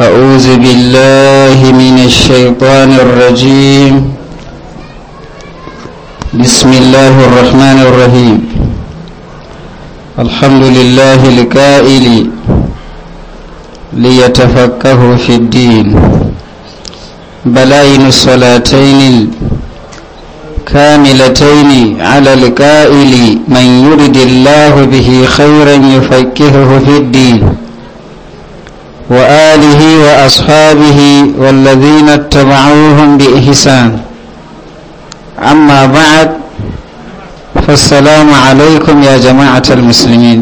أعوذ بالله من الشيطان الرجيم بسم الله الرحمن الرحيم الحمد لله الكائل ليتفقه في الدين بلاين الصلاتين كاملتين على الكائل من يرد الله به خيرا يفكهه في الدين wa وآله وأصحابه والذين اتبعوهم بإحسان أما بعد فالسلام عليكم ya جماعة المسلمين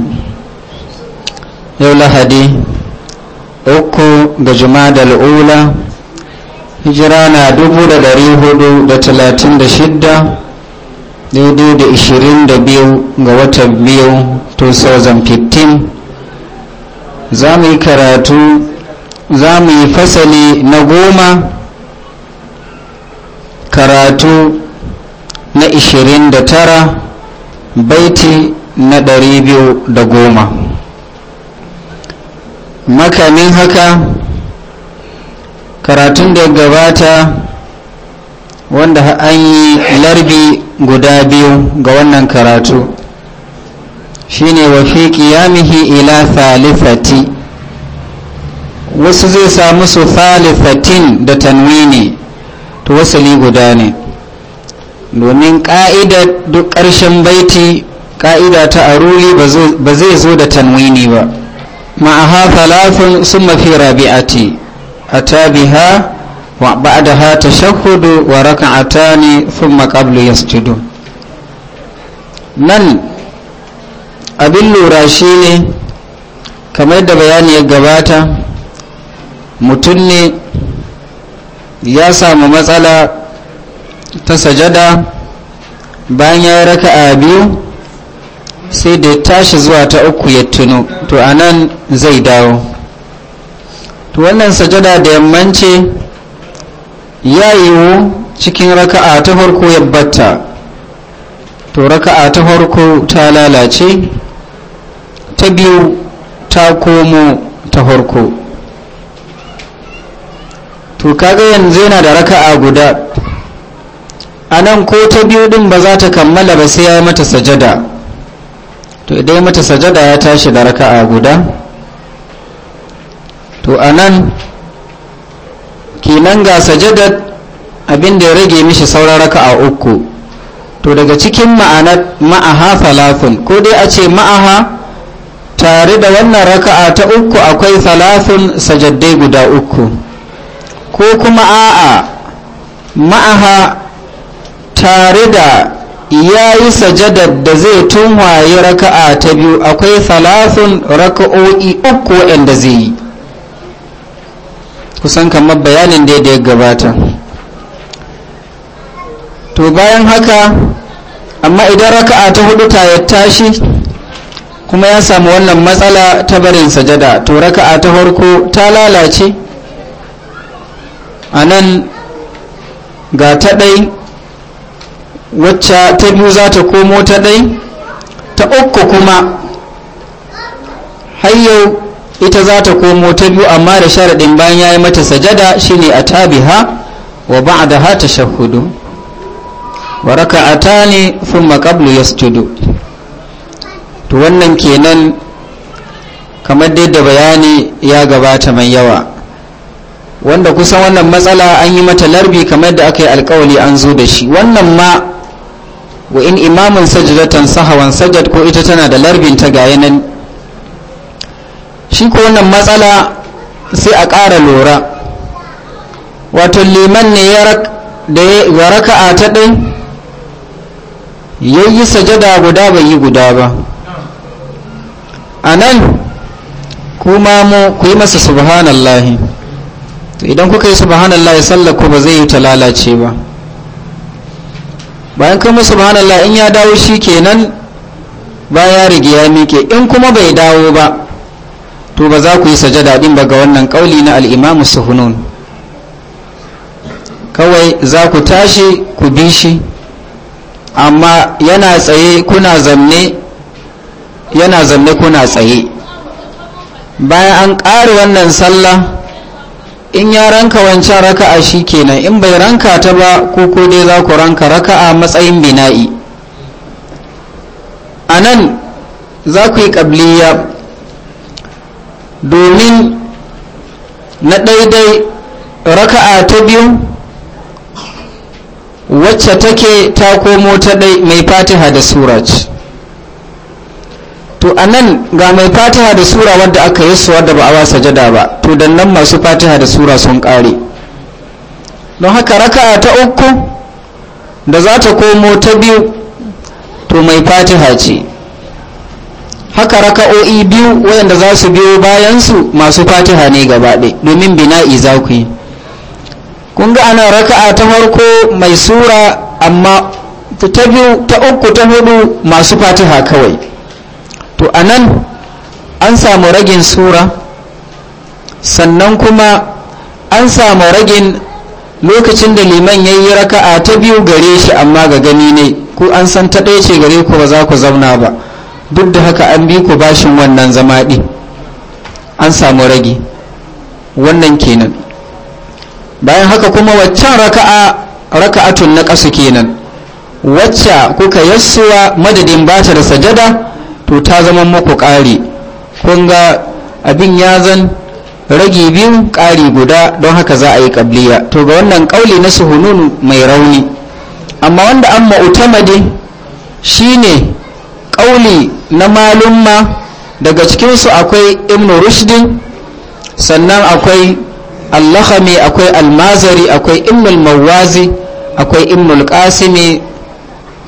yau lahadi uku ga jumadal ula hijira na dubu da dari hudu da talatin da shida daidai da ishirin da biyu ga wata biyu 2015 za mu yi karatu za mu yi fasali na goma karatu na ishirin da tara baiti na ɗari biyu da goma makamin haka karatun da gabata wanda an yi larbi guda biyu ga wannan karatu shine wa fi qiyamihi ila thalithati wasu zai samu su thalithatin da tanwini to wasali guda ne domin ka'ida duk ƙarshen baiti ka'ida ta aruli ba zai zo da tanwini ba ma'aha thalathun summa fi rabi'ati atabiha wa ha ta tashahhudu wa raka'atani thumma qablu yasjudu nan abin lura shi ne kamar da bayani ya gabata mutum ne ya samu matsala ta sajada bayan ya yi raka a biyu sai da ya tashi zuwa ta uku ya tuno to a nan zai dawo to wannan sajada da yammance ya yiwu cikin raka'a ta farko ya batta to raka'a ta farko ta lalace ta biyu ta komo ta farko to kaga yanzu yana da raka'a guda a nan ko ta biyu din ba za ta kammala ba sai ya yi mata sajada to idan mata sajada ya tashi da raka'a guda to a nan kenan ga sajada abin da ya rage mishi sauran raka'a uku to daga cikin ma'anar ma'aha falafin ko dai a ce ma'aha tare da wannan raka'a ta uku akwai salasun sajaddai guda uku ko kuma a'a ma'aha tare da ya yi sajadar da zai tun tunwaye raka'a ta biyu akwai salasun raka'o'i uku waɗanda zai yi kusan kamar bayanin da ya gabata to bayan haka amma idan raka'a ta hudu ta ya tashi kuma ya samu wannan matsala ta barin sajada to raka'a ta farko ta lalace a nan ga ta ɗai wacce ta biyu za ta komo ta ɗai ta uku kuma hayyau ita za ta komo ta biyu amma da sharaɗin bayan ya yi mata sajada shine a tabiha wa da ha ta shahudu wa ta ne fun maƙablu ya to wannan kenan kamar dai da bayani ya gabata mai yawa wanda kusan wannan matsala an yi mata larbi kamar da aka yi alkawali an zo da shi wannan ma wa in imamin sajidatan sahawan sajad ko ita tana da larbin ta gaya nan shi ko wannan matsala sai a ƙara lura wato liman ne ya raka'a ta ɗin yayi sajada guda bai yi guda ba a nan kuma mu ku yi masa subhanallahi to idan kuka yi subhanallahi sallaku ku ba zai yi ta lalace ba bayan kuma subhanallah in ya dawo shi kenan ba ya rigi ya mike in kuma bai dawo ba to ba za ku yi sajada din ba ga wannan kauli na al'imamu suhunun kawai za ku tashi ku bi shi amma yana tsaye kuna zamne yana zanne kuna tsaye bayan an ƙare wannan sallah in ya ranka wancan raka'a shi kenan in bai ranka ta ba ko ko dai za ku ranka raka'a matsayin bina'i a nan za ku yi ƙabliya domin na daidai raka'a ta biyu wacce take ta komo ta ɗai mai fatiha da suraj to a nan ga mai fatiha da sura wadda aka yi su wadda ba a ba sajada ba to dan nan masu fatiha da sura sun kare. don haka raka'a ta uku da za ta komo ta biyu to mai fatiha ce haka raka'o'i biyu wayanda za su biyo bayansu masu fatiha ne gabaɗe domin bina'i za ku yi kun ga ana raka'a ta farko mai sura amma ta biyu ta uku ta hudu masu fatiha kawai to a nan an samu ragin sura sannan kuma an samu ragin lokacin da liman ya yi raka'a ta biyu gare shi amma ga gani ne ku an san ta ɗaya ce gare ku ba za ku zauna ba duk da haka an bi ku bashin wannan zama ɗi an samu ragi wannan kenan bayan haka kuma waccan raka'a raka'atun na ƙasa kenan wacce kuka yassuwa madadin bata da sajada to ta zama muku ƙari kun ga abin ya zan rage biyu ƙari guda don haka za a yi ƙabliya to ga wannan ƙauli na suhunun mai rauni amma wanda an ma'utamadi ne ƙauli na malumma daga cikinsu akwai ibn rushdin sannan akwai allahami akwai almazari akwai ibn mawazi akwai ibn Kasimi.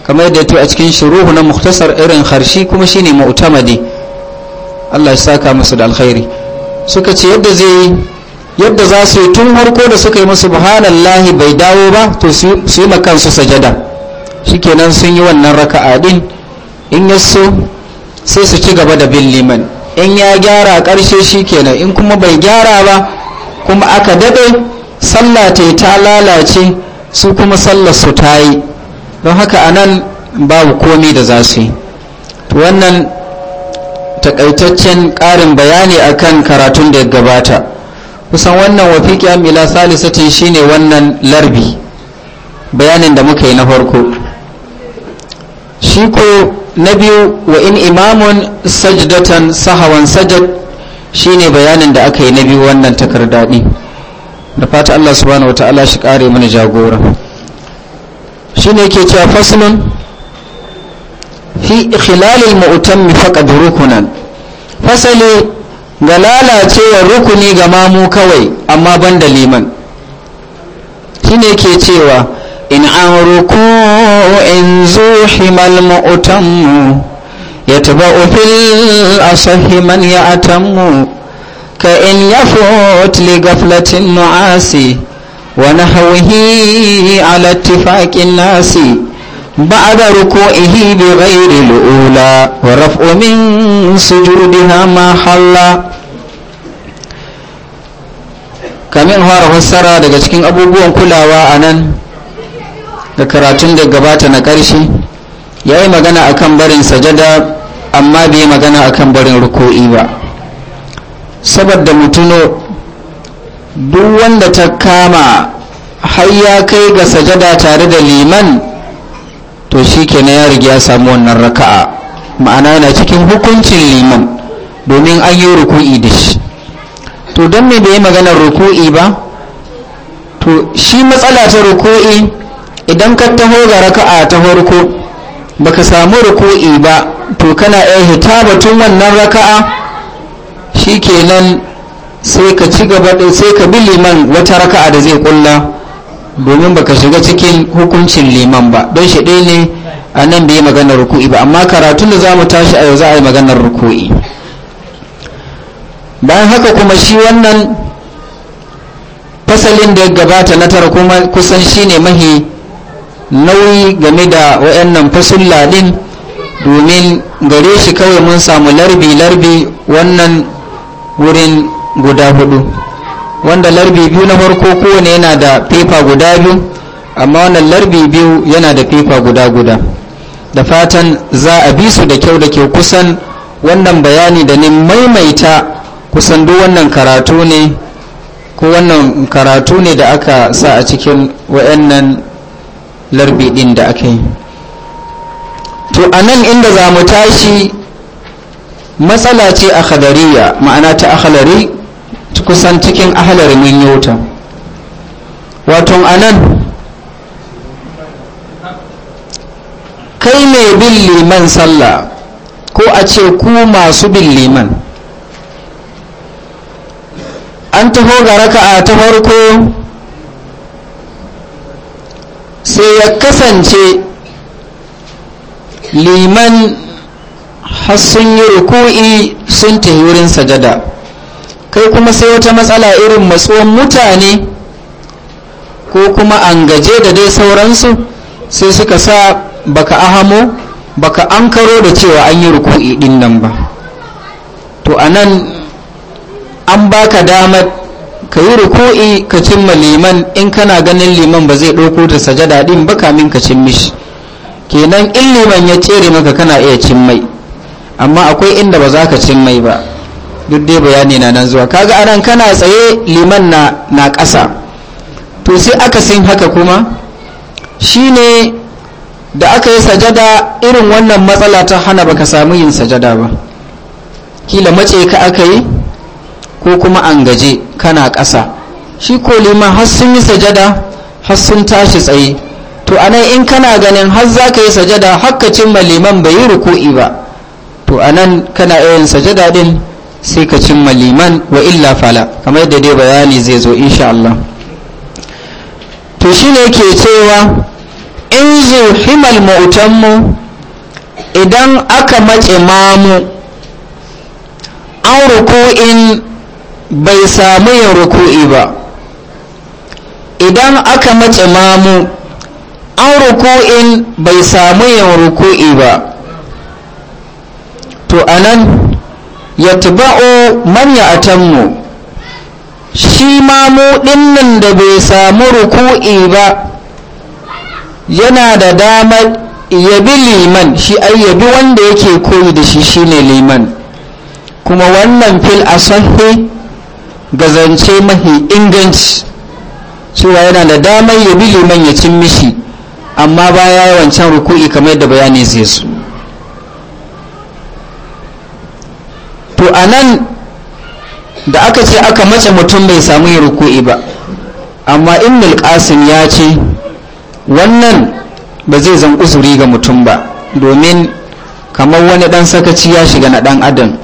kamar yadda to a cikin shuruhu na muktasar irin harshi kuma shine mu'tamadi Allah ya saka musu da alkhairi suka ce yadda zai yadda za su yi tun harko da suka yi musu subhanallahi bai dawo ba to su yi makansu sajada shikenan sun yi wannan raka'a din in ya so sai su ci gaba da bin liman in ya gyara karshe shikenan in kuma bai gyara ba kuma aka dade sallah ta lalace su kuma sallar su ta yi don haka a nan babu komi da za su yi wannan takaitaccen ƙarin bayani akan karatun da ya gabata kusan wannan wafiki amila salisatin shine wannan larbi bayanin da muka yi na farko shi ko na biyu wa in imamun sajdatan sahawan sajad shine bayanin da aka yi na biyu wannan takardaɗi da fata allah subhanahu wa ta'ala shi ƙare mana jagora shine ke cewa faslun fi khilalil mu'tam faqad rukunan fasali ga lalacewar rukuni ga mamu kawai amma ban da liman shine ke cewa in an ruku in zuhimal mu'tammu yatba'u fil asahi man ya'tammu ka in yafut li gaflatin nu'asi ونحوه على اتفاق الناس بعد ركوعه بغير الأولى ورفع من سجودها ما حل kamin fara fassara daga cikin abubuwan kulawa a nan da karatun da gabata na ƙarshe ya yi magana a kan barin sajada amma bai magana a kan barin ruko'i ba saboda mutuno duk wanda ta kama har ya kai ga sajada tare da liman to shi kenan ya riga ya samu wannan raka'a ma'ana yana cikin hukuncin liman domin an yi ruku'i da shi to don me bai yi maganar ruku'i ba to shi matsala ta ruku'i idan ka taho ga raka'a ta farko baka samu ruku'i ba to kana iya hita batun wannan raka'a Shi nan. sai ka ci gaba da sai ka bi liman wata raka'a da zai kulla domin baka shiga cikin hukuncin liman ba don shi ɗaya ne a nan bai maganar ruku'i ba amma karatun da za mu tashi a yau za a yi maganar ruku'i bayan haka kuma shi wannan fasalin da ya gabata na tara kuma kusan ne mahi nauyi game da wayannan fasulla domin gare shi kawai mun samu larbi-larbi wannan wurin guda hudu wanda larbi biyu na farko kowane yana da fefa guda biyu amma wannan larbi biyu yana da fefa guda guda da fatan za a bi su da kyau da ke kusan wannan bayani da ne maimaita kusan duk wannan karatu ne ko wannan karatu ne da aka sa a cikin wayannan larbi din da aka yi to a nan inda za mu tashi matsala ce a khadariya ma'ana ta akhalari kusan cikin ahalar mun yi wuta waton anan kai mai bin liman sallah ko a ce ku masu bin liman an taho ga raka'a ta farko sai ya kasance liman har sun yi ruku'i sun tafi wurin sajada kai kuma sai wata matsala irin matsuwan mutane ko kuma an gaje da dai sauransu sai suka sa baka ahamo baka an karo da cewa an yi ruku'i din nan ba to a nan an baka damar ka yi ruku'i ka cimma liman in kana ganin liman ba zai ɗauko ta sajada din ba kamin ka cin mishi kenan in liman ya cere maka kana iya cin mai amma akwai inda ba za ka cin mai ba duk dai bayani na nan zuwa kaga anan kana tsaye liman na na ƙasa to sai aka sin haka kuma shine da aka yi sajada irin wannan matsala ta hana baka samu yin sajada ba kila mace ka aka yi ko kuma an gaje kana ƙasa shi ko liman har sun yi sajada har sun tashi tsaye to anan in kana ganin har za ka yi sajada har ka cimma liman bai yi ruku'i ba to anan kana yin sajada din sai ka cimma liman wa illa fala kamar da dai bayani zai zo insha Allah to shine ke cewa in zo himal mu idan aka matse mamu an ruku'in bai samu yin ruku'i ba idan aka matse mamu an ruku'in bai samu yin ruku'i ba to anan ya manya man ya atammu shi ma mu dinnan da bai samu ruku'i ba yana da damar ya bi liman shi ai ya wanda yake koyi da shi shine liman kuma wannan fil a ga gazance mahi inganci cewa yana da damar ya bi liman ya cin mishi amma baya wancan ruku'i kamar yadda bayani zai su to a nan da aka ce aka mace mutum bai samu yin ruku'i ba amma in milƙasin ya ce wannan ba zai zan uzuri ga mutum ba domin kamar wani ɗan sakaci ya shiga na ɗan adam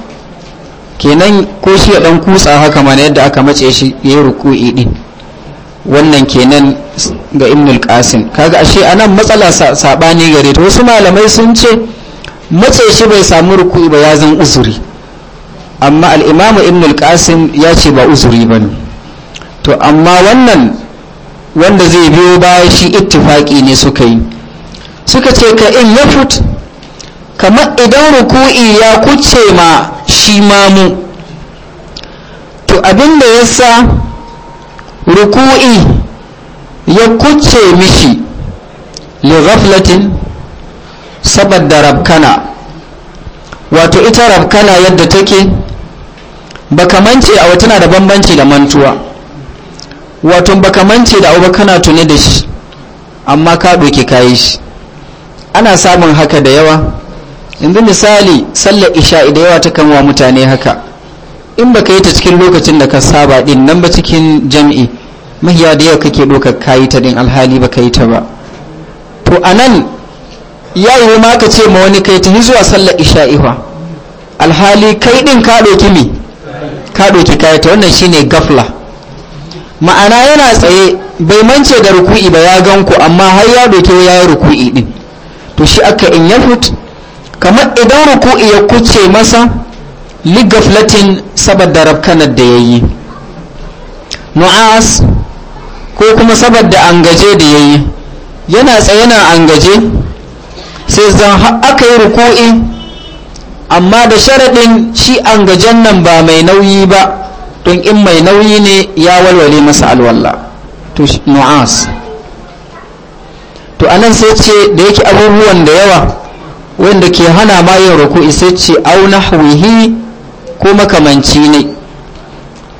kenan ko shi ya dan kutsa haka mana yadda aka mace shi ya yi ruku'i din wannan kenan ga ibnul qasim kaga ashe a nan matsala saɓani gare ta wasu malamai sun ce mace shi bai samu ruku'i ba ya zan uzuri amma al'imamu ibnul qasim ya ce ba uzuri ba ne to amma wannan wanda zai biyo baya shi ittifaki ne suka yi suka ce ka in ya fut kamar idan ruku'i ya kuce ma shi mamu to abinda ya sa ruku'i ya kuce mishi li gaflatin saboda rabkana wato ita rabkana yadda take baka mance wata tana da bambanci da mantuwa wato baka mance da abu kana tuni da shi amma ka doke kayi shi ana samun haka da yawa yanzu misali sallar isha da yawa ta kanwa mutane haka in baka yi ta cikin lokacin da ka saba din nan ba cikin jam'i mahiya da yawa kake doka kayi ta din alhali baka yi ta ba to anan ya yi ma ka ce ma wani kai ta zuwa sallar isha'i alhali kai din ka doki mai ka ɗauki kayata wannan shine gafla ma'ana yana tsaye bai mance da ruku'i ba ya gan ku amma har ya ɗauki ya yi ruku'i din to shi aka in ya fut kamar idan ruku'i ya kuce masa ligaflatin saboda rafkanar da ya yi nu'as ko kuma saboda an gaje da ya yi yana tsaye na an gaje sai zan aka yi ruku'i amma da sharaɗin shi an gajen nan ba mai nauyi ba don in mai nauyi ne ya walwale masa alwallah to nu'as to anan sai ce da yake abubuwan da yawa wanda ke hana ma yin ruku'i sai ce au nahwihi ko makamanci ne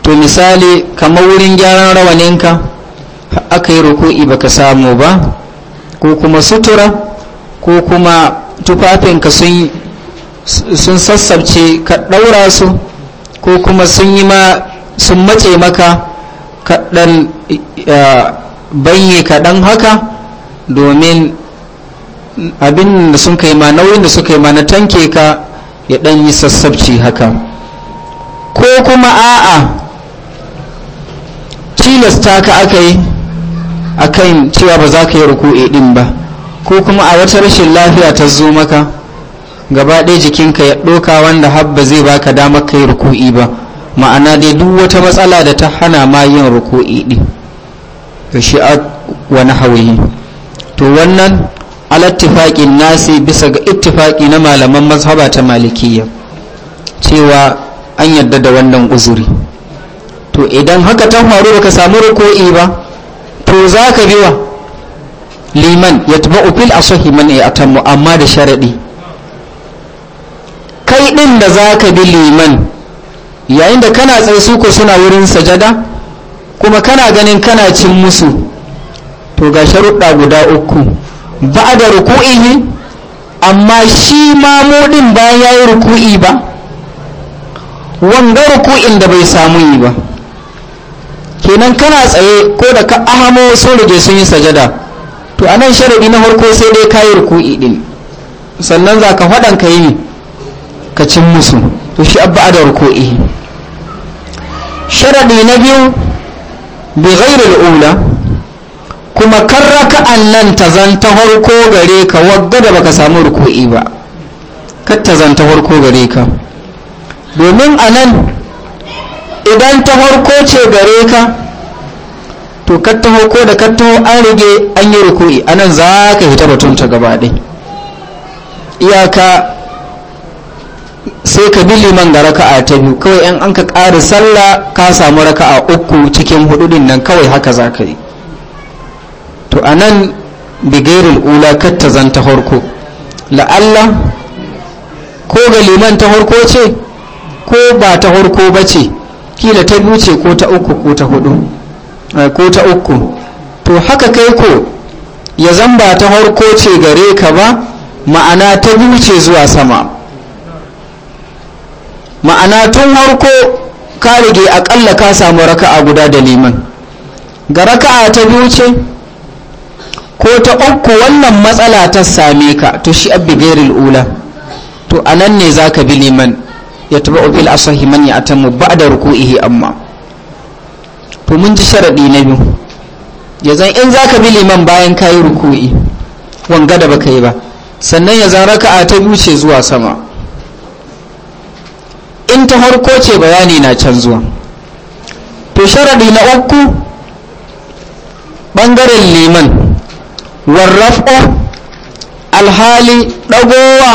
to misali kamar wurin gyaran rawaninka aka yi ruku'i baka samu ba ko kuma sutura ko kuma tufafinka sun sun sassabce ka ɗaura su ko kuma sun yi ma sun mace maka kaɗan banye kaɗan haka domin abin da sun kai ma nauyin da suka yi ma na tanke ka ya ɗan yi sassabci haka ko kuma a'a tilasta ka aka yi a kan cewa ba za ka yi ruku'i ɗin ba ko kuma a wata rashin lafiya ta zo maka gaba ɗaya jikinka ya ɗoka wanda habba zai baka damar kai ruku'i ba ma'ana dai duk wata matsala da ta hana ma yin ruku'i ɗi da shi a wani nahawihi to wannan alattifaƙin nasi bisa ga ittifaƙi na malaman mazhaba ta malikiya cewa an yadda da wannan uzuri to idan haka ta faru baka samu ruku'i ba to za ka biwa liman ya taba ufil a man ya amma da sharaɗi Din da za ka bi liman yayin da kana tsaye su ko suna wurin sajada kuma kana ganin kana cin musu to ga sharuɗa guda uku ba da ruku'i amma shi mamudin ba ya yi ruku'i ba wanda ruku'in da bai samu yi ba kenan kana tsaye ko da ka ahamo sun rige sun yi sajada to anan sharaɗi na farko sai dai ka yi ruku'i ɗin sannan za ka faɗan ka yi ka cin musu to shi abba da ruku'i sharadi na biyu bi ghairil ula kuma karraka annan nan ta harko gare ka wadda da baka samu ruku'i ba kar ta harko gare ka domin a nan idan ta harko ce gare ka to kar ta harko da kar ta an rage an yi ruku'i a nan za ka hita batun ta gaba dai iyaka sai ka bi liman da raka'a ta biyu kawai in an ka ƙara sallah ka samu raka'a uku cikin hudu nan kawai haka za ka yi to a nan bigairul ula kar ta zanta harko la'alla ko ga liman ta harko ce ko ba ta harko ba ce kila ta biyu ce ko ta uku ko ta hudu eh, ko ta uku to haka kai ko ya zan ba ta harko ce gare ka ba ma'ana ta biyu ce zuwa sama ma'ana tun harko ka rage akalla ka samu raka'a guda da liman ga raka'a ta biyu ce ko ta uku wannan matsala ta same ka to shi abbi gairil ula to anan ne zaka bi liman ya taba bil asahi man ya atamu ba'da ruku'ihi amma to mun ji sharadi na biyu ya zan in zaka bi liman bayan yi ruku'i wanga da baka yi ba sannan ya zan raka'a ta biyu ce zuwa sama in ta harko ce bayani na can zuwa to sharadi na uku ɓangaren liman warrafo alhali ɗagowa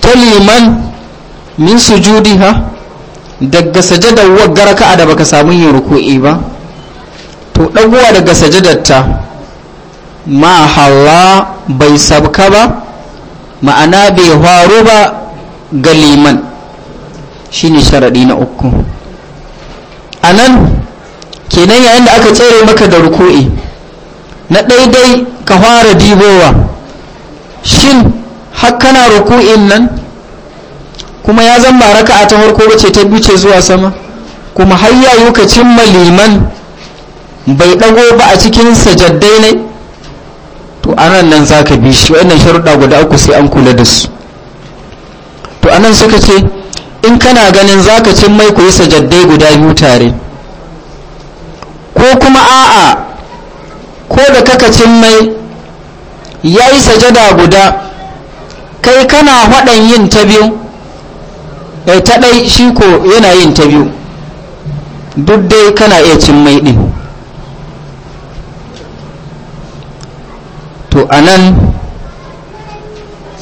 ta liman min ha daga sajadar waggar ka'a da baka samu yin ruku'i ba to ɗagowa daga sajadarta ma hawa bai sabka ba ma'ana bai faru ba ga liman shine sharadi na uku a nan kenan yayin da aka tsere maka da ruku'i na daidai ka fara dibowa shin har kana ruku'in nan kuma ya zama raka'a ta farko wace ta buce zuwa sama kuma har yayu ka cimma liman bai dago ba a cikin sajaddai ne to anan nan zaka bi shi wannan sharuɗa guda uku sai an kula da su to anan suka ce in kana ganin zaka cin mai ku yi sajaddai guda biyu tare ko kuma a'a ko da kaka cin mai ya yi sajada guda kai kana haɗan yin ta biyu ɗai ta ɗai shi ko yana yin ta biyu duk dai kana iya cin mai ɗin to anan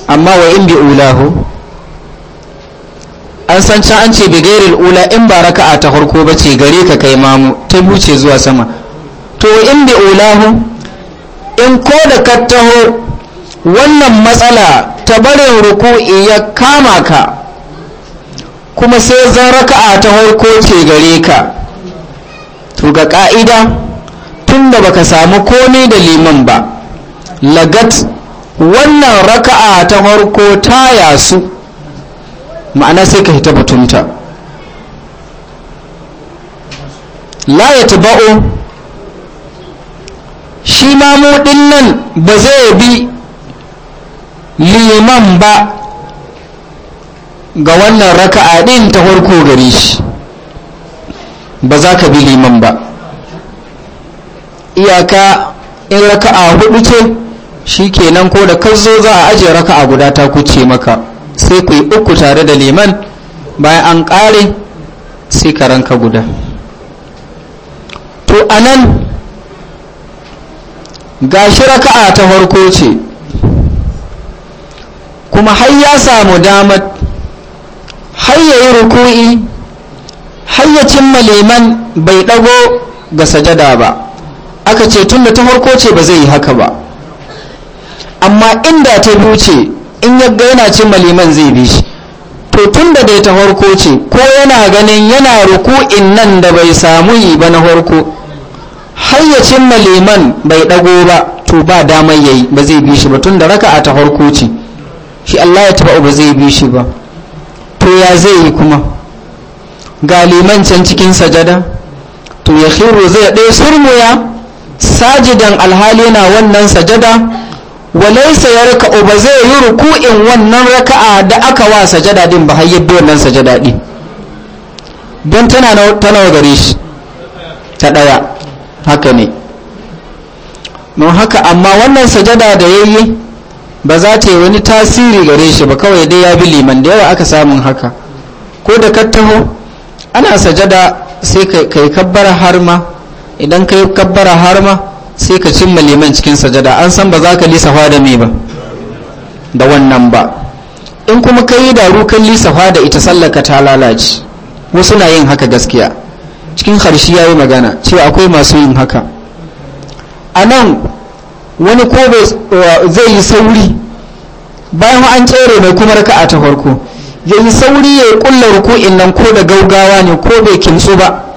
amma wa in bi ulahu an san can an ce bigairil ula in ba raka'a ta farko ba ce gare ka kai mamu ta buce zuwa sama to in bi ulahu in ko da ka taho wannan matsala ta barin ruku'i ya kama ka kuma sai zan raka'a ta farko ce gare ka to ga ka'ida tun da baka samu komai da liman ba lagat wannan raka'a ta farko ta yasu ma'ana sai ka hita batunta la ya taba'o shi mamudin nan ba zai bi liman ba ga wannan raka'a din ta farko gare shi ba za ka bi liman ba iyaka in raka'a hudu ce shi kenan ko da kazo za a ajiye raka'a guda ta kuce maka sai ku yi uku tare da liman bayan an ƙare sai ka guda to a nan gashi raka'a ta farko ce kuma har ya samu damar har ya yi ruku'i har ya cimma liman bai ɗago ga sajada ba aka ce tun da ta farko ce ba zai yi haka ba amma inda ta buce. ce in yadda yana cin maliman zai bi shi to tun da dai ta harko ce ko yana ganin yana ruku'in nan da bai samu yi ba na harko har ya cin maliman bai dago ba to ba damar yi ba zai bi shi ba tun da raka'a ta harko ce shi Allah ya taba ba zai bi shi ba to ya zai yi kuma ga liman can cikin sajada to ya khiru zai ɗaya surmuya sajidan alhali na wannan sajada walaisa ya raka'u ba zai yi ruku'in wannan raka'a da aka wa sajada din ba hayyar da wannan sajada din don tana nawa gare shi ta ɗaya haka ne don haka amma wannan sajada da ya yi ba za ta yi wani tasiri gare shi ba kawai dai ya bi liman da yawa aka samun haka ko da ka taho ana sajada sai ka yi kabbara harma idan ka yi kabbara harma sai ka cimma liman cikin sajada an san ba za ka lisafa da me ba da wannan ba in kuma ka yi daru kan lisafa da ita sallaka ta lalace wasu na yin haka gaskiya cikin harshe ya yi magana cewa akwai masu yin haka a nan wani ko zai yi sauri bayan an tsere mai kuma raka a ta farko ya yi sauri ya yi kulla ruku'in nan ko da gaugawa ne ko bai kinsu ba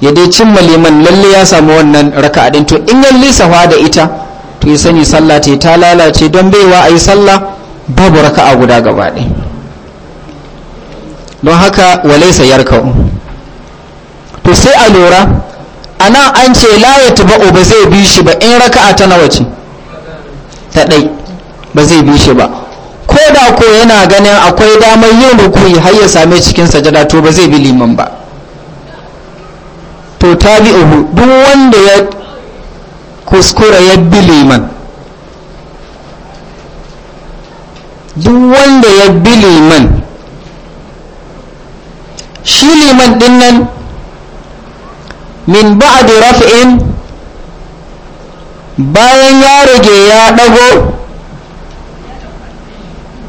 ya dai cimma liman lalle ya samu wannan raka'a din to in ya da ita to ya sani sallah ta ta lalace don baiwa ayi sallah babu raka'a guda gaba don haka walaisa yarka'u to sai a lura a nan an ce laye ba'u ba zai bi shi ba in raka ta nawa ce ta ɗai ba zai bi shi ba ko da ko yana ganin akwai damar yin rukuni har ya same cikin sajada to ba zai bi liman ba to tabi'uhu duk wanda ya kuskura ya bi liman duk wanda ya bi liman shi liman dinnan min ba'di raf'in bayan ya rage ya dago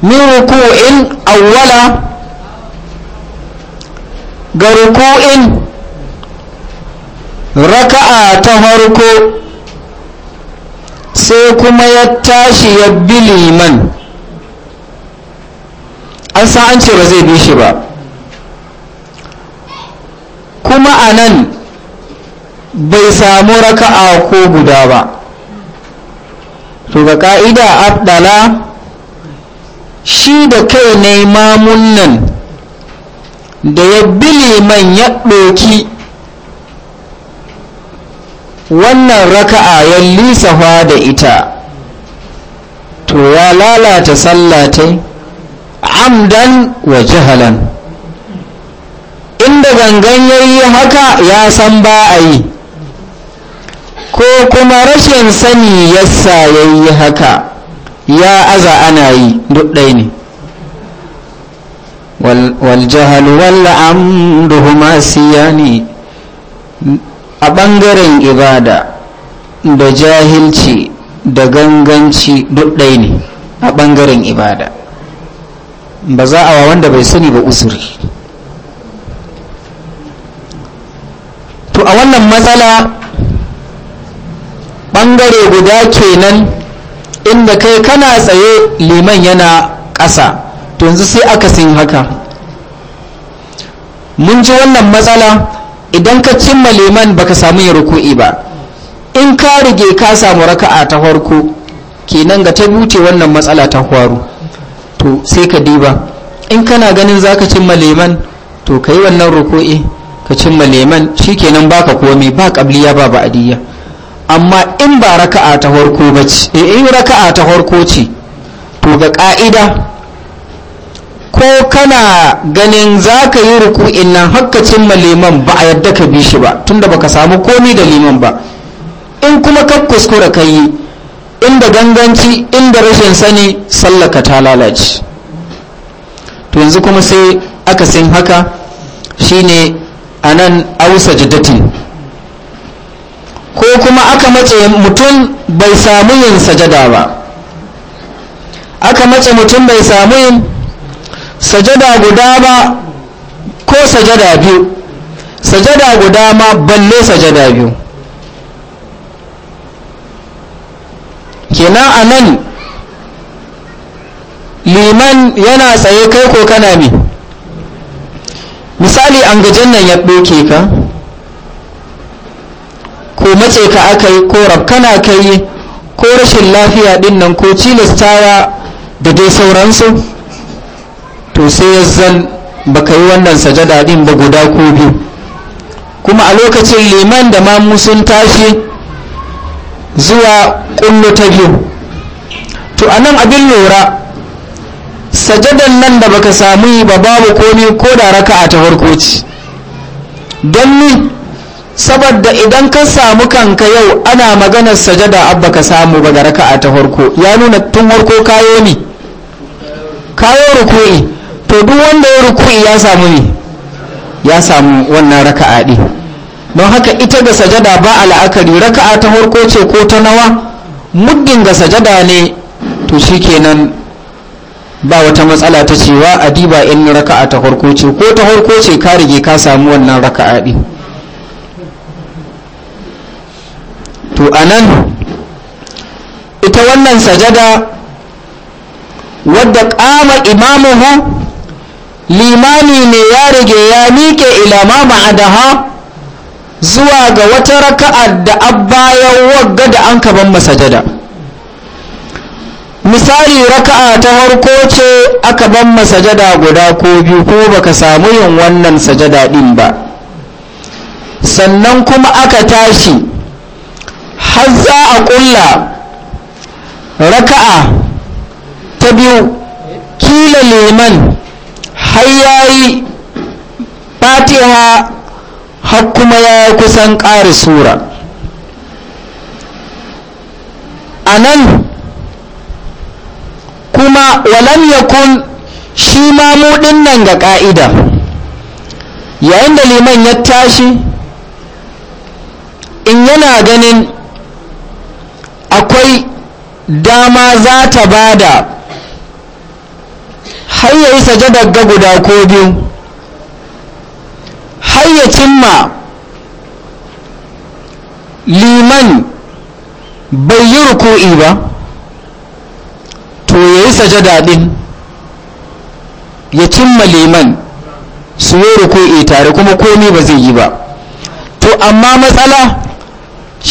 min ruku'in awwala ga ruku'in raka'a ta farko sai kuma ya tashi ya bi liman an san an ce ba zai bi shi ba kuma a nan bai samu raka'a ko guda ba to ga ka'ida abdala shi da kai ne mamun nan da ya bi liman ya ɗoki wannan raka'a ya lisafa da ita to ya lalata sallatai amdan wa jahalan inda gangan yayi haka ya san ba a yi ko kuma rashin sani yasa yayi haka ya aza ana yi duk ɗaya ne Wal wal والعمد هما ne. a ɓangaren ibada da jahilci da ganganci duk ɗaya ne a ɓangaren ibada ba za a wa wanda bai sani ba usuri to a wannan matsala ɓangare guda kenan inda kai kana tsaye liman yana ƙasa to yanzu sai aka sin haka mun ji wannan matsala idan ka cimma liman baka samu yin ruku'i ba in ka rige ka samu raka'a ta farko kenan ga ta buce wannan matsala ta faru to sai ka diba in kana ganin zaka cimma liman to ka yi wannan ruku'i ka cimma liman shikenan baka komai ba qabliya ba ba'diyya amma in ba raka'a ta farko ba ce eh, in raka'a ta farko ce to ga ka'ida ko kana ganin za ka yi ruku nan hakkacin cimma liman ba a yadda ka bi shi ba tunda baka samu komi da liman ba in kuma ka kuskura ka yi inda ganganci inda rashin sani sallaka ta lalace to yanzu kuma sai aka sin haka shine a nan ausa jadatin ko kuma aka mace mutum bai samu yin sajada ba aka mace mutum bai samu yin sajada guda ba ko sajada biyu sajada guda ma balle sajada biyu kenan a nan liman yana tsaye kai ko kana mi misali an gajen nan ya ɗoke ka ko mace ka aka yi ko rabkana ka yi ko rashin lafiya ɗin nan ko cilastawa da dai sauransu to sai ya zan baka yi wannan sajada din ba guda ko biyu kuma a lokacin liman da mamu sun tashi zuwa kullu ta biyu to a nan abin lura sajadan nan da baka samu yi ba babu komi ko da raka'a ta farko ce don ni saboda idan ka samu kanka yau ana maganar sajada abba ka samu ba da a ta farko ya nuna tun farko kayo ne kayo ruku'i to duk wanda ya ruku'i ya samu ne ya samu wannan raka'a ɗi don haka ita ga sajada ba a la'akari raka'a ta harko ce ko ta nawa muddin ga sajada ne to shikenan ba wata matsala ta cewa a diba in raka'a ta harko ce ko ta harko ce ka rige ka samu wannan raka'a ɗi to anan ita wannan sajada wadda kama imamuhu limani ne ya rage ya miƙe ilama ma'adaha zuwa ga wata raka'a da abbayan wagga da an kaban masajada misali raka'a ta harko ce aka ban masajada guda ko biyu ko baka samu yin wannan sajada din ba sannan kuma aka tashi har za a ƙulla raka'a ta biyu kila liman har yi fatiha har kuma ya kusan ƙari sura a nan kuma walam yakun shi mamudin nan ga ƙa'ida yayin da liman ya tashi in yana ganin akwai dama za ta bada har ya yi sajadar ga guda ko biyu har ya cimma liman bai yi ruku'i ba to ya yi sajada din ya cimma liman su yi ruku'i tare kuma komi ba zai yi ba to amma matsala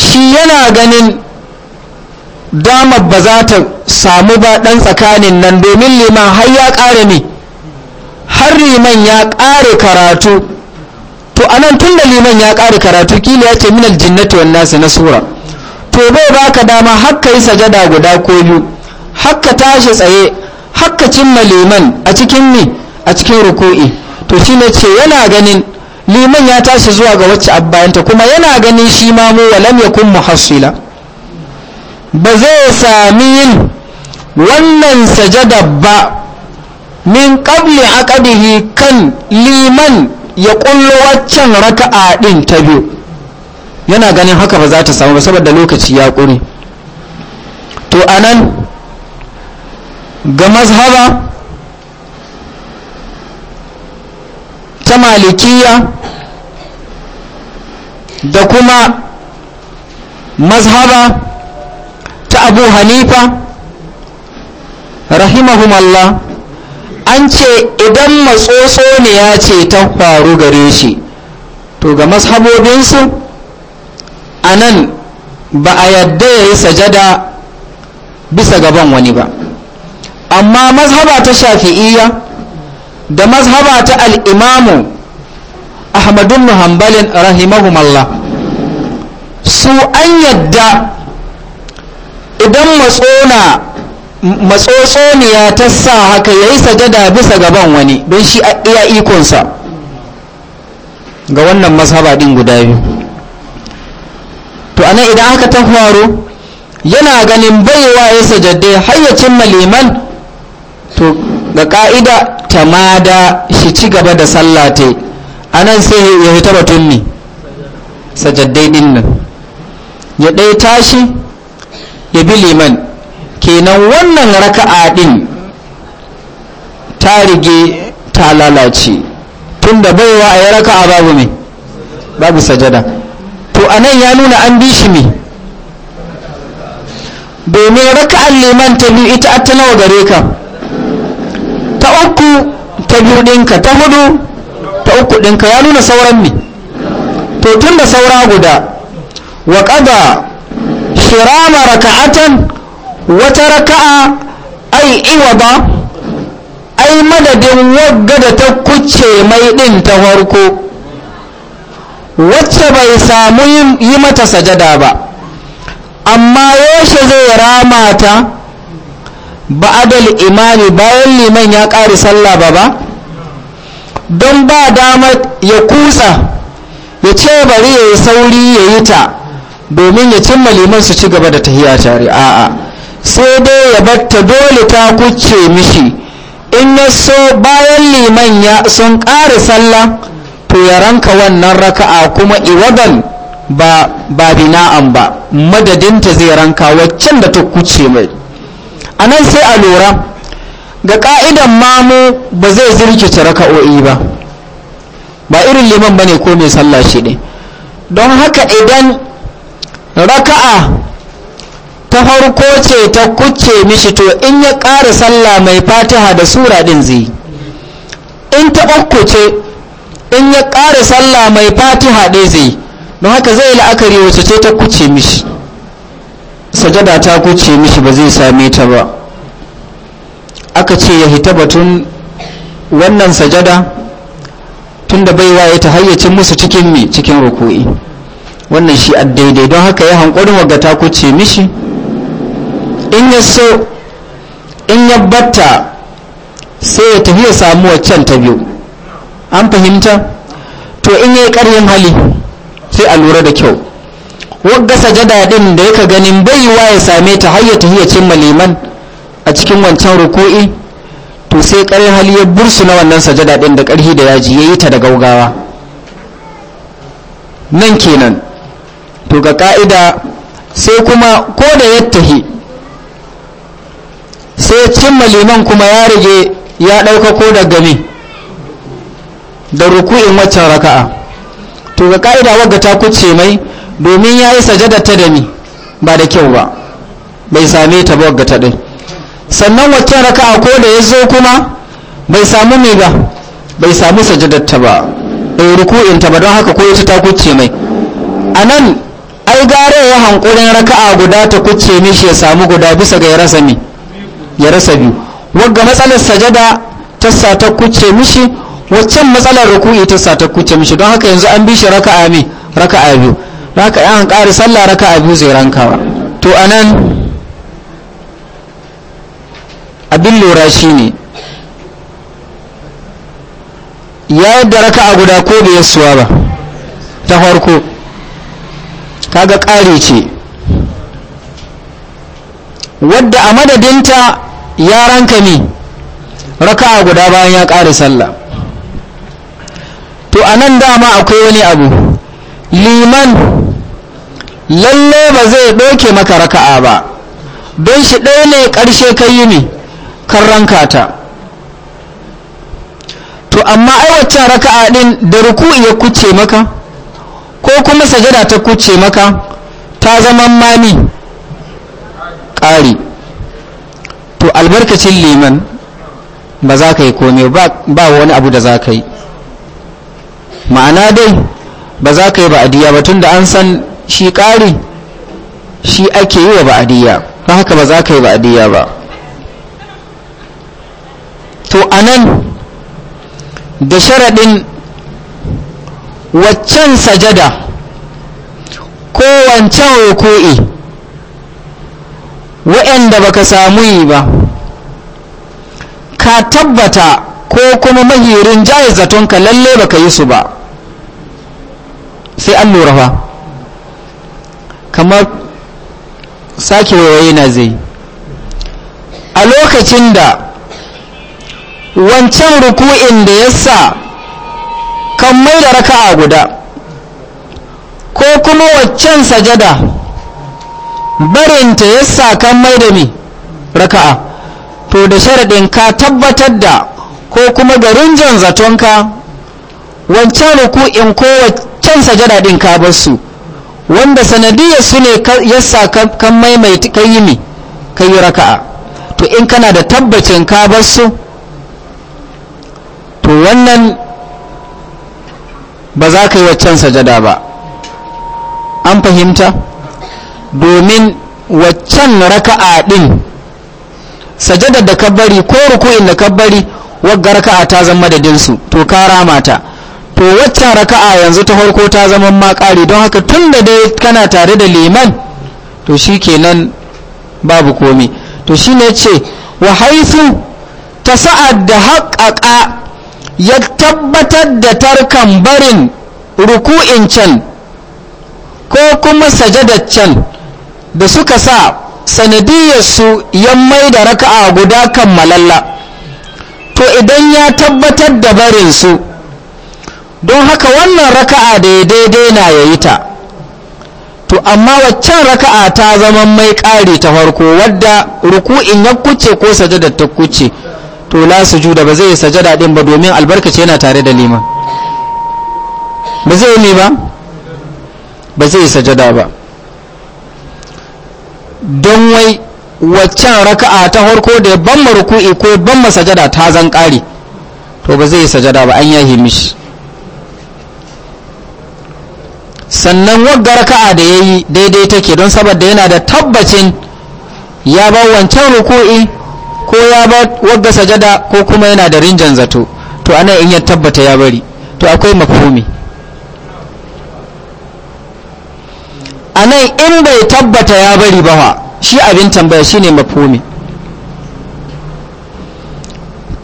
shi yana ganin damar ba za ta samu ba ɗan tsakanin nan domin liman har ya ƙare ne har liman ya ƙare karatu to anan tun da liman ya ƙare karatu kila ya ce minal jinnati wa nasi na sura to bai ba ka dama hakka yi sajada guda ko biyu hakka tashi tsaye haka cimma liman a cikin ni a cikin ruku'i to shi ne ce yana ganin liman ya tashi zuwa ga wacce abbayanta kuma yana ganin shi ma mu walam yakun muhassila ba zai sami yin wannan sajada ba min ƙabli a kan liman ya ƙullo waccan raka'a ɗin ta biyu yana ganin haka ba za ta samu ba saboda lokaci ya ƙure to anan ga mazhaba ta malikiya da kuma mazhaba abu hanifa rahimahumallah an ce idan matsotso ne ya ce ta faru gare shi to ga mashabobinsu a nan ba a yadda ya yi sajada bisa gaban wani ba amma mazhaba ta shafi'iyya da mazhaba ta al'imamu ahmadun muhambalin rahimahumallah su an yadda idan matsona matsotsoniya ta sa haka ya yi sajada bisa gaban wani don shi a iya ikonsa ga wannan mazhaba din guda biyu to idan haka ta faru yana ganin baiwa ya sajadai hayyacin maliman to ga ka'ida ta tamada shi ci gaba da sallate anan sai ya hita batun ne sajadai din nan ya ɗaya tashi ya bi liman kenan wannan raka'a din ta rige ta lalace tun da baiwa a yi raka'a babu mai babu sajada to a nan ya nuna an bi shi mai domin raka'an liman ta biyu ita ta nawa gare ka ta uku ta biyu ɗinka ta hudu ta uku ɗinka ya nuna sauran ne to tun da saura guda wa ƙada al-inshirama raka'atan wata raka'a ai iwada ai madadin wagga da ta kuce mai din ta farko wacce bai samu yi mata sajada ba amma yaushe zai rama ta ba'adal imani bayan liman ya ƙari sallah ba ba don ba damar ya kusa ya ce bari ya yi sauri ya yi ta domin ya cimma liman su ci gaba da tahiya tare a'a sai dai ya batta dole ta kuce mishi in ya so bayan liman ya sun ƙara sallah to ya ranka wannan raka'a kuma iwadan ba ba bina'an ba madadinta zai ranka waccan da ta kuce mai a nan sai a lura ga ka'idan mamu ba zai zirkice raka'o'i ba ba irin liman ba ne ko mai sallah shi ne don haka idan raka'a ta farko ce ta kuce mishi to in ya ƙara sallah mai fatiha da sura ɗin zai in ta uku ce in ya ƙara sallah mai fatiha ɗai zai don haka zai la'akari wace ce ta kuce mishi sajada ta kuce mishi ba zai same ta ba aka ce ya hita batun wannan sajada tun da baiwa ya ta hayyacin musu cikin mi cikin ruku'i wannan shi a daidai don haka ya hankulin waga ku ce mishi in ya so in ya batta sai ya tafi samu waccan ta biyu an fahimta to in ya yi ƙarfin hali sai a lura da kyau wadda sajada din da yaka ganin bai baiwa ya same ta har ya tafi ya cimma liman a cikin wancan ruku'i to sai ƙarfin hali ya bursu na wannan sajada din da ƙarfi da yaji ya yi ta da gaugawa nan kenan to ga ka'ida sai kuma ko da ya tahi sai cimma liman kuma ya rage ya ɗauka ko da gami da ruku'in waccan raka'a to ga ka'ida wadda ta kuce mai domin ya yi sajada ta dami ba da kyau ba bai same ta ba wadda ta ɗin sannan waccan raka'a ko da ya zo kuma bai samu mai ba bai samu sajadar ta ba bai ruku'in ta ba don haka ko ita ta kuce mai a nan ai gare ya hankulin raka'a guda ta kuce mishi ya samu guda bisa ga ya rasa mi ya rasa biyu wagga matsalar sajada ta sa ta kuce mishi waccan matsalar ruku'i ta sa ta kuce mishi don haka yanzu an bi shi raka'a mi raka'a biyu don an ƙari sallah raka'a biyu zai rankawa to anan abin lura shi ne ya yadda raka'a guda ko bai yasuwa ba ta farko kaga ƙari ce wadda a madadinta ya ranka ne raka'a guda bayan ya ƙare sallah to a nan dama akwai wani abu liman lalle ba zai ɗauke maka raka'a ba don shi ɗaya ne ƙarshe ka yi ne kan ranka ta to amma aiwacin raka'a ɗin da ruku ya kuce maka ko kuma sajada ta kuce maka ta zama mani ƙari to albarkacin liman ba za ka yi kome ba wani abu da za ka yi ma'ana dai ba za ka yi ba'adiyya ba tun da an san shi ƙari shi ake yi wa ba'adiyya ba haka ba za ka yi ba'adiyya ba to anan da sharaɗin waccan sajada ko wancan ruku'i waɗanda baka samu yi ba ka tabbata ko kuma mahirin jaye zatonka lalle baka yi su ba sai an lura fa kamar sake wayoyi na zai a lokacin da wancan ruku'in da ya sa kan mai da raka'a guda ko kuma waccan sajada barinta ya sa kan mai da mi raka'a to da sharaɗin ka tabbatar da ko kuma garin jan zatonka wancan in ko waccan sajada ɗin ka bar su wanda sanadiyar su ne ya sa kan maimaita mai yi mi kayi raka'a to in kana da tabbacin ka bar su to wannan ba za ka yi waccan sajada ba an fahimta domin waccan raka'a din sajada da ka bari ko ruku'in da ka bari wagga raka'a ta zama da dinsu to ka rama ta to waccan raka'a yanzu ta harko ta zama makari don haka tun da dai kana tare da liman to shi kenan babu komi to shi ne ce wa haisu ta sa'ad da haƙaƙa ya tabbatar da tarkan barin ruku'in can ko kuma sajadar can da suka sa sanadiyarsu ya mai da raka'a guda kan malalla to idan ya tabbatar da barinsu don haka wannan raka'a da ya daidai na ya yi ta to amma waccan raka'a ta zama mai ƙari ta farko wadda ruku'in ya kuce ko sajadar ta kuce to la sujuda ba zai sajada din ba domin albarkaci yana tare da liman ba zai yi ba ba zai sajada ba don wai waccan raka'a ta harko da ya maruku'i ko ban sajada ta zan kare to ba zai sajada ba an yahi mishi sannan wagga raka'a da ya yi daidai take don saboda yana da tabbacin ya ba wancan ruku'i ko ya ba wagga sajada ko kuma yana da rinjan zato to ana in ya tabbata ya bari to akwai mafhumi anan in bai tabbata ya bari ba shi abin tambaya shine mafhumi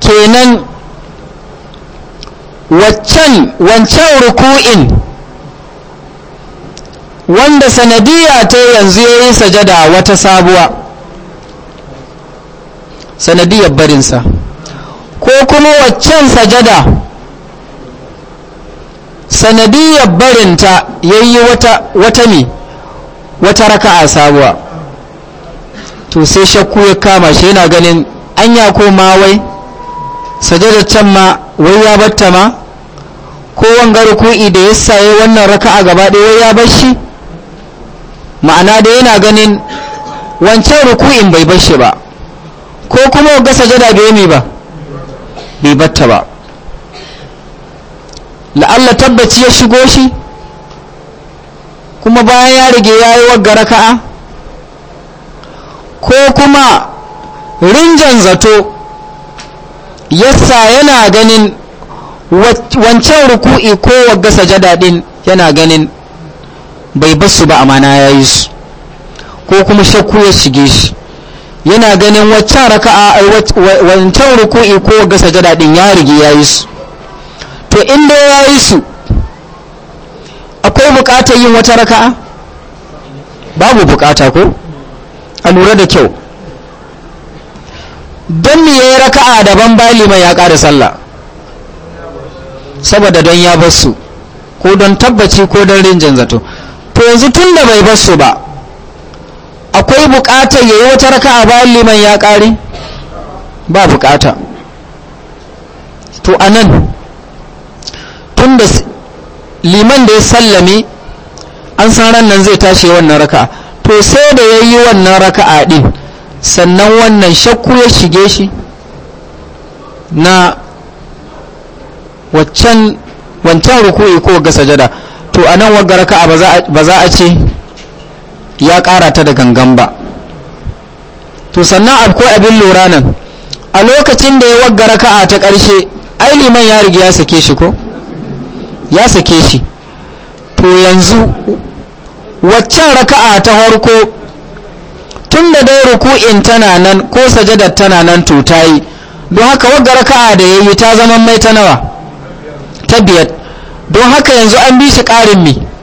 kenan waccan wancan ruku'in wanda sanadiyya ta yanzu ya yi sajada wata sabuwa sanadiyar barinsa ko kuma waccan sajada sanadiyar barinta ya yi wata ne wata raka'a sabuwa to sai shakku ya kama shi yana ganin an ya koma wai sajadar can ma wai ya batta ma ko wanga ruku'i da ya saye wannan raka'a gaba ɗaya ya bashi ma'ana da yana ganin wancan ruku'in bai bar shi ba ko kuma ga sajada bai mi ba bai batta ba la'alla tabbaci ya shigo shi kuma bayan ya rige ya yi wagga raka'a ko kuma rinjan zato yasa yana ganin wancan ruku'i ko wagga sajada din yana ganin bai basu ba amana ya yi su ko kuma shakku ya shige shi yana ganin waccan raka'a wancan ruku'i ko ga sajada din ya rige yayi su to inda yayi su akwai bukatar yin wata raka'a babu bukata ko a lura da kyau don me yayi raka'a daban bali mai ya ƙara sallah saboda don ya bar su ko don tabbaci ko don rinjin zato to yanzu tun da bai bar su ba akwai bukatar yayi wata raka'a bayan liman ya kare ba bukata to anan tunda liman da ya sallame an san ran zai tashi wannan raka'a to sai da ya yi wannan raka'a ɗin sannan wannan shakku ya shige shi na waccan wancan ruku'i ko ga sajada to anan wagga raka'a ba za a ce ya ƙara ta da gangan ba to sannan abko abin lura nan a lokacin da ya wagga raka'a ta ƙarshe ai liman ya riga ya sake shi ko ya sake shi to yanzu waccan raka'a ta harko tun da dai ruku'in tana nan ko sajadar tana nan to ta yi don haka wagga raka'a da ya yi ta zama mai ta nawa ta biyar don haka yanzu an bi shi ƙarin mai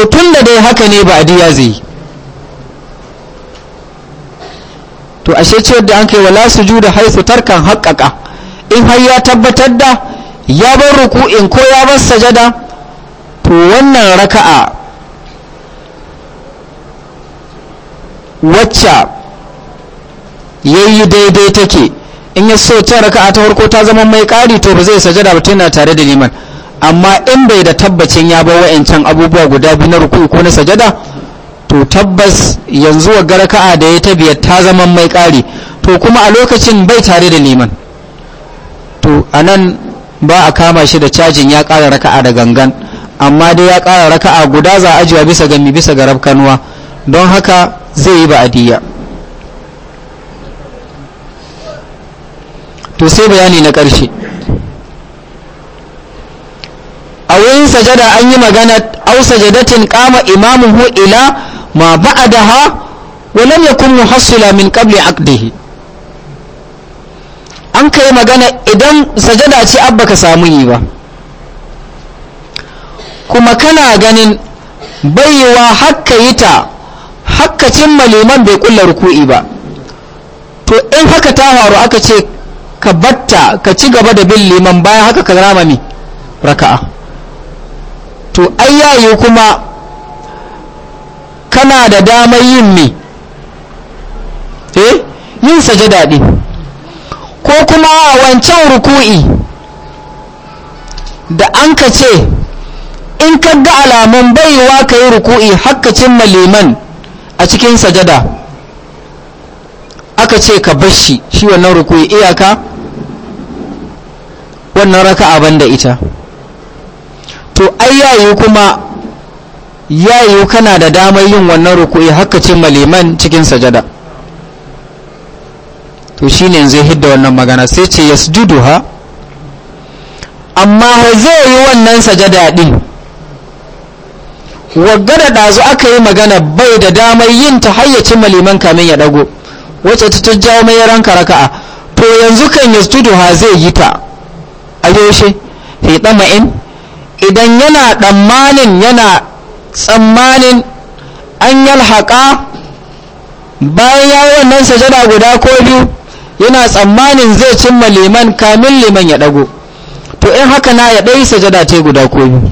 to tun da dai haka ne ba adiya zai to ashe ce da an kai wa ju da haifu tarkan haƙaƙa in har ya tabbatar da ya bar ruku'in ko ya bar sajada to wannan raka'a wacce yi daidai take in ya so ta raka'a ta farko ta zama mai ƙari to ba zai sajada ba tana tare da neman amma in bai da tabbacin ya bar wa'ancan abubuwa guda biyu na ruku ko na sajada to tabbas yanzu wa garaka'a da ya tabiya ta zaman mai ƙari to kuma a lokacin bai tare da liman to anan ba a kama shi da cajin ya ƙara raka'a da gangan amma dai ya ƙara raka'a guda za a ajiwa bisa gami bisa ga rafkanuwa don haka zai yi ba'adiyya to sai bayani na ƙarshe a wurin sajada an yi magana au sajadatin kama hu ila ma ha wa lam yakun muhassila min qabli aqdihi an kai magana idan sajada ce abba ka samu yi ba kuma kana ganin baiwa hakka yi ta hakka cimma liman bai kulla ruku'i ba to in haka ta faru aka ce ka batta ka ci gaba da bin liman bayan haka ka rama mi raka'a to ai kuma kana da damar yin me eh yin sajada ko kuma wancan ruku'i da an ka ce in ka ga alamun baiwa ka yi ruku'i haka cimma liman a cikin sajada aka ce ka bashi shi wannan ruku'i iyaka wannan raka abin da ita to ai yayi kuma yayi kana da damar yin wannan ruku'i haka ce maliman cikin sajada to shine yanzu hidda wannan magana sai ce ha. amma zai yi wannan sajada din wagga da ɗazu aka yi magana bai da damar yin ta hayyacin maliman kamin ya ɗago wacce ta jawo mai ranka raka'a to yanzu kan ya ha zai yi ta a yaushe fi ɗama'in idan yana tsammanin yana tsammanin an yalhaƙa bayan ya wannan sajada guda ko biyu yana tsammanin zai cimma liman kamin liman ya ɗago to in haka na ya ɗai sajada ta guda ko biyu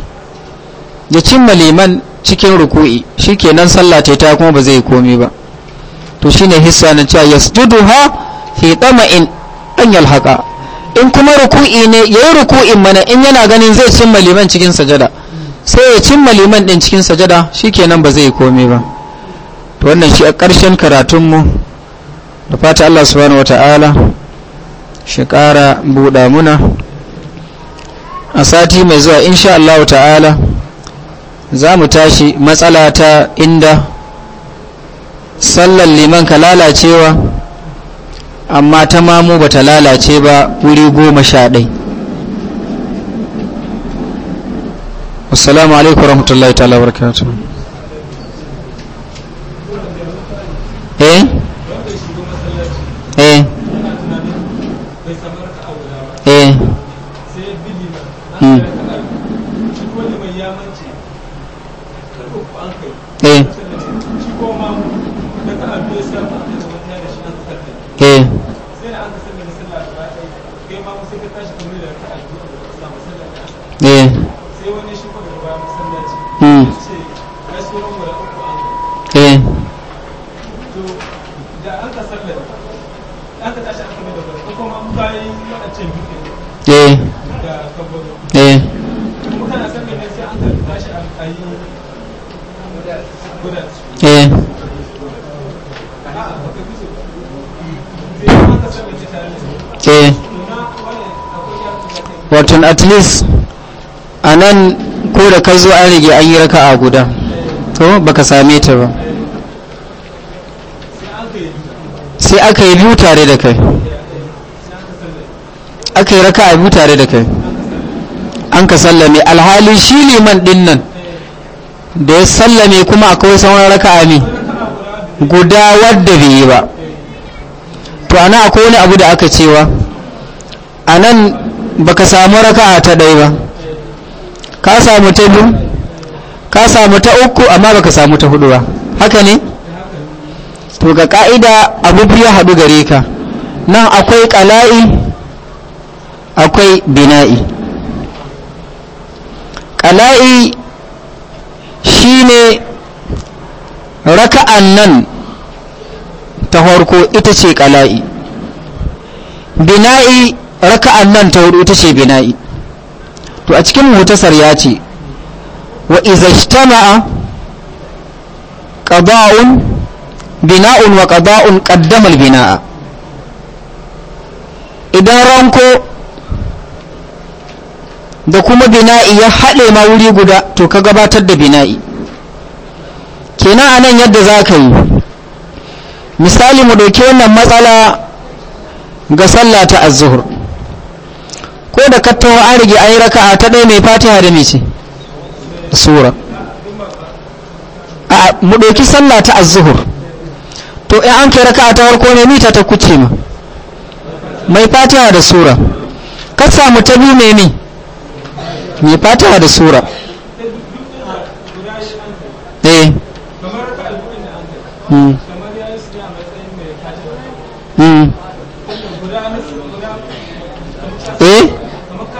ya cimma liman cikin ruku'i shi kenan sallah ta ta kuma ba zai yi komi ba to shine hissa na cewa yasjudu ha fi in an yalhaƙa in kuma ruku'i ne ya yi ruku'in mana in yana ganin zai cimma liman cikin sajada sai ya cimma liman ɗin cikin sajada shi nan ba zai komai ba to wannan shi a ƙarshen karatunmu da fata Allah subhanahu wataala shi ƙara buɗa muna a sati mai zuwa insha Allah ta'ala za mu tashi matsala ta inda sallar liman ka lalacewa amma ta mamu ba ta lalace ba wuri goma sha ɗai assalamu alaikum rahmatullahi ta'ala barakatuh eh 14 at least a nan ko da ka zo an rage an yi raka'a guda to baka same ta ba sai aka yi biyu tare da kai aka yi raka'a biyu tare da kai an ka sallame alhali shi liman din nan da ya sallame kuma akwai sauran raka'a ne guda wadda bai yi ba to ana akwai wani abu da aka cewa a nan baka samu raka'a ta ɗaya ba ka samu ta biyu ka samu ta uku amma baka samu ta hudu ba haka ne to ga ka'ida abu biyu haɗu gare ka nan akwai ƙala'i akwai bina'i ƙala'i shine raka'an nan ta farko ita ce ƙala'i bina'i raka'an nan ta hudu ta ce bina'i to a cikin mutasar ya ce wa izajtama'a qada'un bina'un wa qada'un qaddama al-bina'a idan ranko da kuma bina'i ya haɗe ma wuri guda to ka gabatar da bina'i kenan anan yadda za ka yi misali mu ɗauki wannan matsala ga sallah ta azuhur ko da ka an rige an yi raka'a ta ɗaya mai fatiha da mece sura a mu ɗauki sallah ta az-zuhur to in an kai raka'a ta farko ne mita ta kuce ma mai fatiha da sura ka samu ta biyu mai ne mai fatiha da sura eh Hmm. Hmm. eh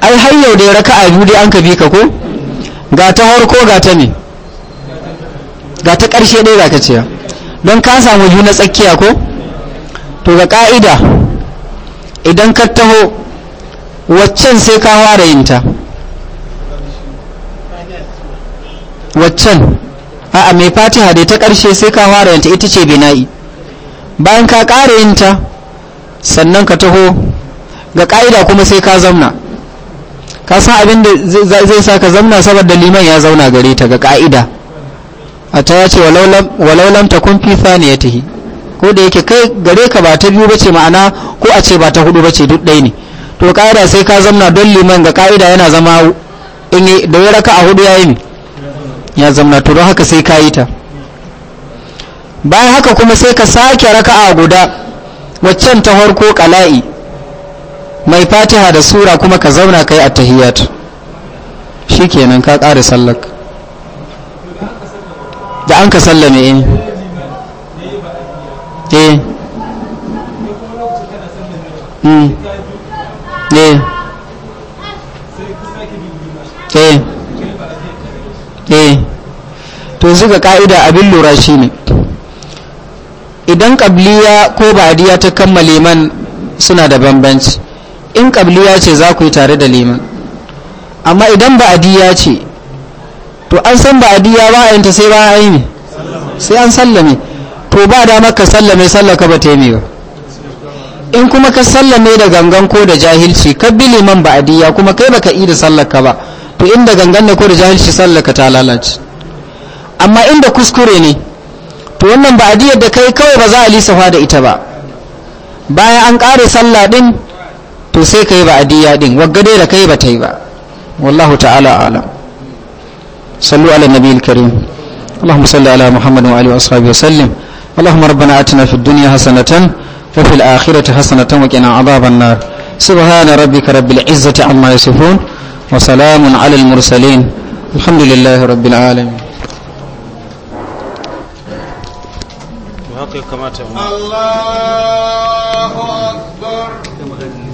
ai har yau da raka'a biyu dai an ka bi ka ko ga ta harko ga ta ne ga ta ƙarshe dai za ka ce don ka samu biyu na tsakiya ko to ga ƙa'ida idan ka taho waccan sai ka ware yin ta waccan a'a mai fatiha dai ta ƙarshe sai ka ware yin ta ita ce bina'i bayan ka ƙare yin ta sannan ka taho ga ƙa'ida kuma sai ka zamna ka san abin da zai sa ka zamna saboda liman ya zauna gare ta ga ka'ida a ta ya ce walau ta kun fi thaniyatihi ko da yake kai gare ka ba ta biyu ba ce ma'ana ko a ce ba ta hudu ba ce duk ɗaya ne to ka'ida sai ka zamna don liman ga ka'ida yana zama in da ya raka a hudu ne ya zamna to don haka sai ka yi ta bayan haka kuma sai ka sake raka'a guda waccan ta farko kala'i mai fatiha da sura kuma ka zauna kai a attahiyat shi kenan ka ƙare sallak da an ka sallame in eh ne eh. Hmm. eh eh eh to zuga ka'ida abin lura shi ne idan ƙabliya ko ba'adiyya ta kammale man suna da bambanci in ƙabliya ce za ku yi tare da liman amma idan adiya ce to an san adiya ba a yanta sai ba a yi ne sai an sallame to ba dama ka sallame sallaka ba ta yi ba in kuma ka sallame da gangan ko da jahilci ka bi liman adiya kuma kai baka yi da sallaka ba to inda gangan da ko da jahilci sallaka ta lalace amma inda kuskure ne to wannan adiyar da kai kawai ba za a fa da ita ba bayan an ƙare sallah din to sai ka yi ba adiyya din wagga dai da kai ba ta yi ba wallahu ta'ala alam sallu ala nabiyil karim اللهم صل على محمد وعلى وصحبه وسلم اللهم ربنا اتنا في الدنيا حسنه وفي الاخره حسنه وقنا عذاب النار سبحان ربك رب العزه عما يصفون وسلام على المرسلين الحمد لله رب العالمين الله